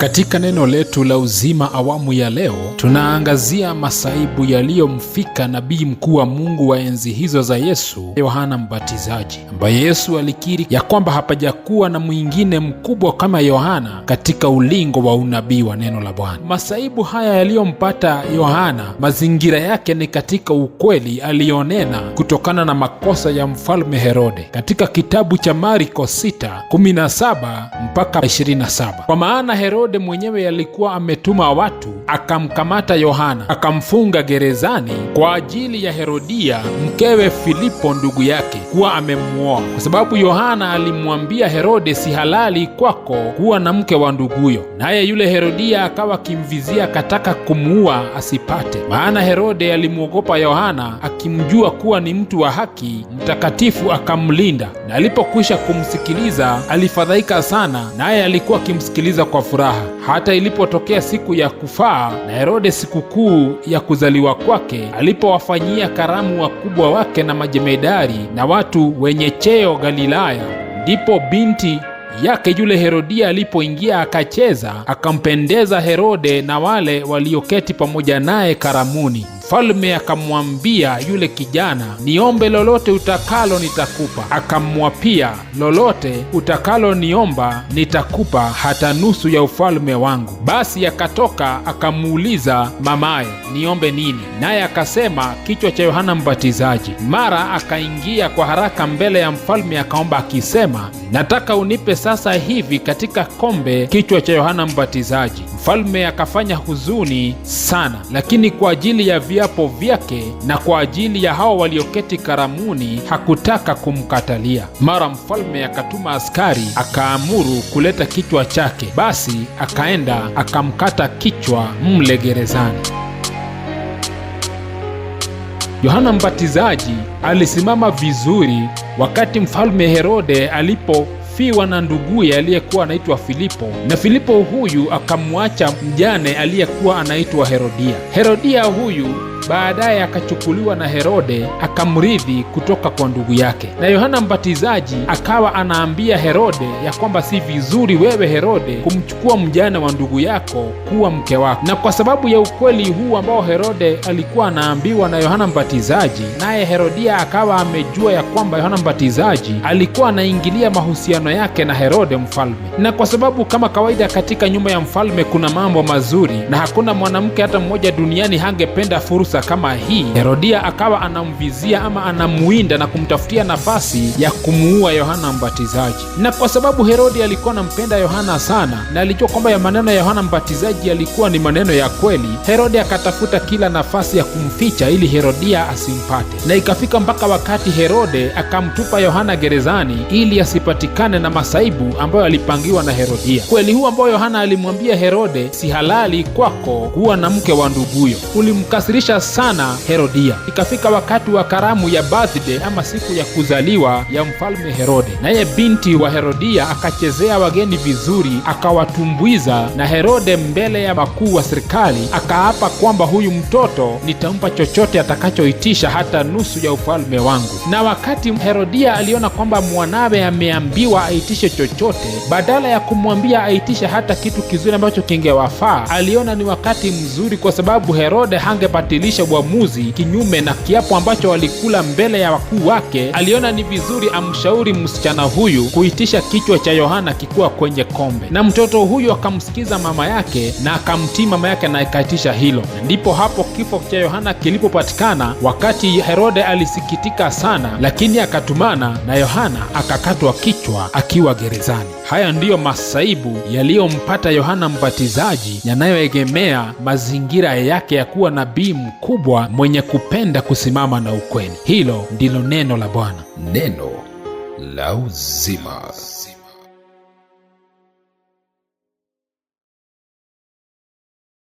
Katika neno letu la uzima awamu ya leo, tunaangazia masaibu yaliyomfika nabii mkuu wa Mungu wa enzi hizo za Yesu, Yohana Mbatizaji, ambaye Yesu alikiri ya kwamba hapajakuwa na mwingine mkubwa kama Yohana katika ulingo wa unabii wa neno la Bwana. Masaibu haya yaliyompata Yohana, mazingira yake ni katika ukweli aliyonena kutokana na makosa ya mfalme Herode, katika kitabu cha Marko 6:17 mpaka 27, kwa maana Herode Herode mwenyewe alikuwa ametuma watu akamkamata Yohana akamfunga gerezani kwa ajili ya Herodia mkewe Filipo ndugu yake kuwa amemuoa kwa sababu Yohana alimwambia Herode, si halali kwako kuwa na mke wa nduguyo. Naye yule Herodia akawa akimvizia akataka kumuua asipate, maana Herode alimwogopa Yohana akimjua kuwa ni mtu wa haki mtakatifu, akamlinda. Na alipokwisha kumsikiliza alifadhaika sana, naye alikuwa akimsikiliza kwa furaha hata ilipotokea siku ya kufaa na Herode sikukuu ya kuzaliwa kwake, alipowafanyia karamu wakubwa wake na majemedari na watu wenye cheo Galilaya, ndipo binti yake yule Herodia alipoingia akacheza, akampendeza Herode na wale walioketi pamoja naye karamuni. Mfalme akamwambia yule kijana, niombe lolote utakalo nitakupa. Akamwapia, lolote utakaloniomba nitakupa, hata nusu ya ufalme wangu. Basi akatoka akamuuliza mamaye, niombe nini? Naye akasema, kichwa cha Yohana Mbatizaji. Mara akaingia kwa haraka mbele ya mfalme akaomba akisema, nataka unipe sasa hivi katika kombe kichwa cha Yohana Mbatizaji. Mfalme akafanya huzuni sana, lakini kwa ajili ya vya viapo vyake, na kwa ajili ya hao walioketi karamuni hakutaka kumkatalia. Mara mfalme akatuma askari akaamuru kuleta kichwa chake. Basi akaenda akamkata kichwa mle gerezani. Yohana Mbatizaji alisimama vizuri wakati mfalme Herode alipo fiwa na nduguye aliyekuwa anaitwa Filipo, na Filipo huyu akamwacha mjane aliyekuwa anaitwa Herodia. Herodia huyu baadaye akachukuliwa na Herode akamrithi kutoka kwa ndugu yake. Na Yohana Mbatizaji akawa anaambia Herode ya kwamba si vizuri wewe Herode kumchukua mjane wa ndugu yako kuwa mke wako. Na kwa sababu ya ukweli huu ambao Herode alikuwa anaambiwa na Yohana Mbatizaji, naye Herodia akawa amejua ya kwamba Yohana Mbatizaji alikuwa anaingilia mahusiano yake na Herode mfalme. Na kwa sababu kama kawaida katika nyumba ya mfalme kuna mambo mazuri, na hakuna mwanamke hata mmoja duniani hangependa fursa fursa kama hii, Herodia akawa anamvizia ama anamuinda na kumtafutia nafasi ya kumuua Yohana Mbatizaji. Na kwa sababu Herodi alikuwa anampenda Yohana sana na alijua kwamba ya maneno ya Yohana Mbatizaji yalikuwa ni maneno ya kweli, Herodi akatafuta kila nafasi ya kumficha ili Herodia asimpate, na ikafika mpaka wakati Herode akamtupa Yohana gerezani ili asipatikane na masaibu ambayo alipangiwa na Herodia. Kweli huu ambao Yohana alimwambia Herode, si halali kwako kuwa na mke wa nduguyo, ulimkasirisha sana Herodia. Ikafika wakati wa karamu ya birthday ama siku ya kuzaliwa ya mfalme Herode, naye binti wa Herodia akachezea wageni vizuri, akawatumbwiza na Herode mbele ya makuu wa serikali akaapa kwamba huyu mtoto nitampa chochote atakachoitisha, hata nusu ya ufalme wangu. Na wakati Herodia aliona kwamba mwanawe ameambiwa aitishe chochote, badala ya kumwambia aitishe hata kitu kizuri ambacho kingewafaa, aliona ni wakati mzuri, kwa sababu Herode hangebatilisha kubadilisha uamuzi kinyume na kiapo ambacho walikula mbele ya wakuu wake, aliona ni vizuri amshauri msichana huyu kuitisha kichwa cha Yohana kikuwa kwenye kombe, na mtoto huyu akamsikiza mama yake na akamtii mama yake na ikaitisha hilo. Ndipo hapo kifo cha Yohana kilipopatikana. Wakati Herode alisikitika sana, lakini akatumana na Yohana akakatwa kichwa akiwa gerezani. Haya ndiyo masaibu yaliyompata Yohana Mbatizaji yanayoegemea mazingira yake ya kuwa nabii mkubwa mwenye kupenda kusimama na ukweli. Hilo ndilo neno la Bwana, neno la uzima.